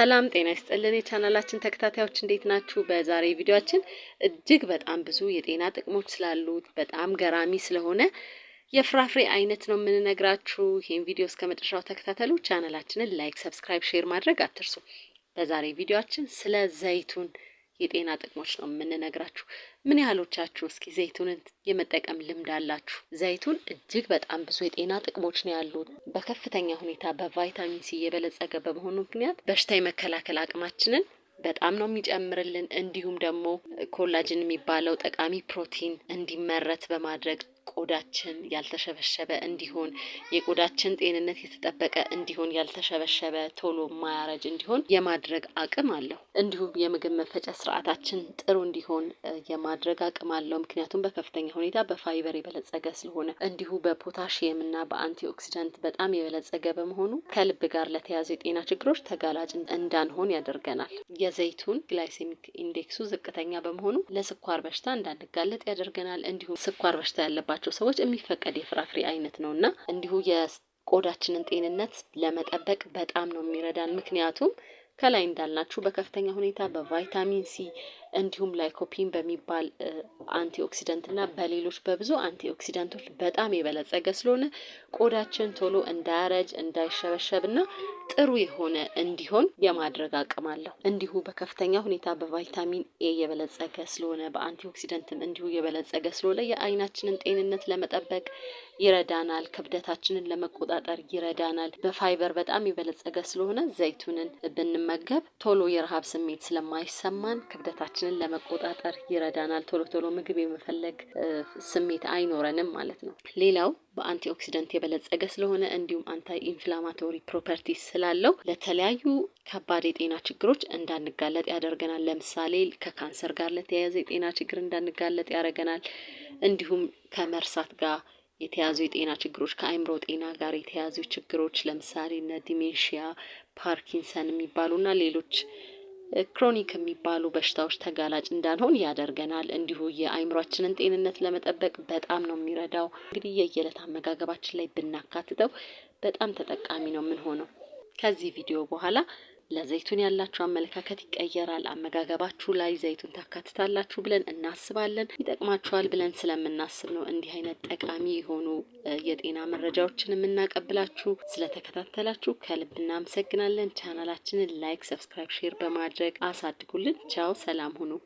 ሰላም ጤና ይስጥልን የቻናላችን ተከታታዮች እንዴት ናችሁ? በዛሬ ቪዲዮአችን እጅግ በጣም ብዙ የጤና ጥቅሞች ስላሉት በጣም ገራሚ ስለሆነ የፍራፍሬ አይነት ነው የምንነግራችሁ። ይህን ቪዲዮ እስከ መጨረሻው ተከታተሉ። ቻናላችንን ላይክ፣ ሰብስክራይብ፣ ሼር ማድረግ አትርሱ። በዛሬ ቪዲዮአችን ስለ ዘይቱን የጤና ጥቅሞች ነው የምንነግራችሁ። ምን ያህሎቻችሁ እስኪ ዘይቱንን የመጠቀም ልምድ አላችሁ? ዘይቱን እጅግ በጣም ብዙ የጤና ጥቅሞች ነው ያሉት። በከፍተኛ ሁኔታ በቫይታሚን ሲ የበለጸገ በመሆኑ ምክንያት በሽታ የመከላከል አቅማችንን በጣም ነው የሚጨምርልን። እንዲሁም ደግሞ ኮላጅን የሚባለው ጠቃሚ ፕሮቲን እንዲመረት በማድረግ ቆዳችን ያልተሸበሸበ እንዲሆን የቆዳችን ጤንነት የተጠበቀ እንዲሆን ያልተሸበሸበ ቶሎ ማያረጅ እንዲሆን የማድረግ አቅም አለው። እንዲሁም የምግብ መፈጫ ስርዓታችን ጥሩ እንዲሆን የማድረግ አቅም አለው። ምክንያቱም በከፍተኛ ሁኔታ በፋይበር የበለጸገ ስለሆነ፣ እንዲሁ በፖታሽየም እና በአንቲ ኦክሲዳንት በጣም የበለጸገ በመሆኑ ከልብ ጋር ለተያዙ የጤና ችግሮች ተጋላጭ እንዳንሆን ያደርገናል። የዘይቱን ግላይሴሚክ ኢንዴክሱ ዝቅተኛ በመሆኑ ለስኳር በሽታ እንዳንጋለጥ ያደርገናል። እንዲሁም ስኳር በሽታ ያለባቸው ላላቸው ሰዎች የሚፈቀድ የፍራፍሬ አይነት ነው እና እንዲሁ የቆዳችንን ጤንነት ለመጠበቅ በጣም ነው የሚረዳን። ምክንያቱም ከላይ እንዳልናችሁ በከፍተኛ ሁኔታ በቫይታሚን ሲ እንዲሁም ላይኮፒን በሚባል አንቲኦክሲደንት እና በሌሎች በብዙ አንቲኦክሲደንቶች በጣም የበለጸገ ስለሆነ ቆዳችን ቶሎ እንዳያረጅ እንዳይሸበሸብ እና ጥሩ የሆነ እንዲሆን የማድረግ አቅም አለው። እንዲሁ በከፍተኛ ሁኔታ በቫይታሚን ኤ የበለጸገ ስለሆነ በአንቲኦክሲደንትም እንዲሁ የበለጸገ ስለሆነ የአይናችንን ጤንነት ለመጠበቅ ይረዳናል። ክብደታችንን ለመቆጣጠር ይረዳናል። በፋይበር በጣም የበለጸገ ስለሆነ ዘይቱንን ብንመገብ ቶሎ የረሃብ ስሜት ስለማይሰማን ክብደታችንን ለመቆጣጠር ይረዳናል። ቶሎ ቶሎ ምግብ የመፈለግ ስሜት አይኖረንም ማለት ነው። ሌላው በአንቲኦክሲደንት የበለጸገ ስለሆነ እንዲሁም አንታይ ኢንፍላማቶሪ ፕሮፐርቲ ስላለው ለተለያዩ ከባድ የጤና ችግሮች እንዳንጋለጥ ያደርገናል። ለምሳሌ ከካንሰር ጋር ለተያያዘ የጤና ችግር እንዳንጋለጥ ያደርገናል። እንዲሁም ከመርሳት ጋር የተያዙ የጤና ችግሮች ከአእምሮ ጤና ጋር የተያዙ ችግሮች ለምሳሌ እነ ዲሜንሽያ፣ ፓርኪንሰን የሚባሉና ሌሎች ክሮኒክ የሚባሉ በሽታዎች ተጋላጭ እንዳንሆን ያደርገናል። እንዲሁ የአይምሯችንን ጤንነት ለመጠበቅ በጣም ነው የሚረዳው። እንግዲህ የየዕለት አመጋገባችን ላይ ብናካትተው በጣም ተጠቃሚ ነው የምንሆነው። ከዚህ ቪዲዮ በኋላ ለዘይቱን ያላችሁ አመለካከት ይቀየራል፣ አመጋገባችሁ ላይ ዘይቱን ታካትታላችሁ ብለን እናስባለን። ይጠቅማችኋል ብለን ስለምናስብ ነው እንዲህ አይነት ጠቃሚ የሆኑ የጤና መረጃዎችን የምናቀብላችሁ። ስለተከታተላችሁ ከልብ እናመሰግናለን። ቻናላችንን ላይክ፣ ሰብስክራይብ፣ ሼር በማድረግ አሳድጉልን። ቻው፣ ሰላም ሁኑ።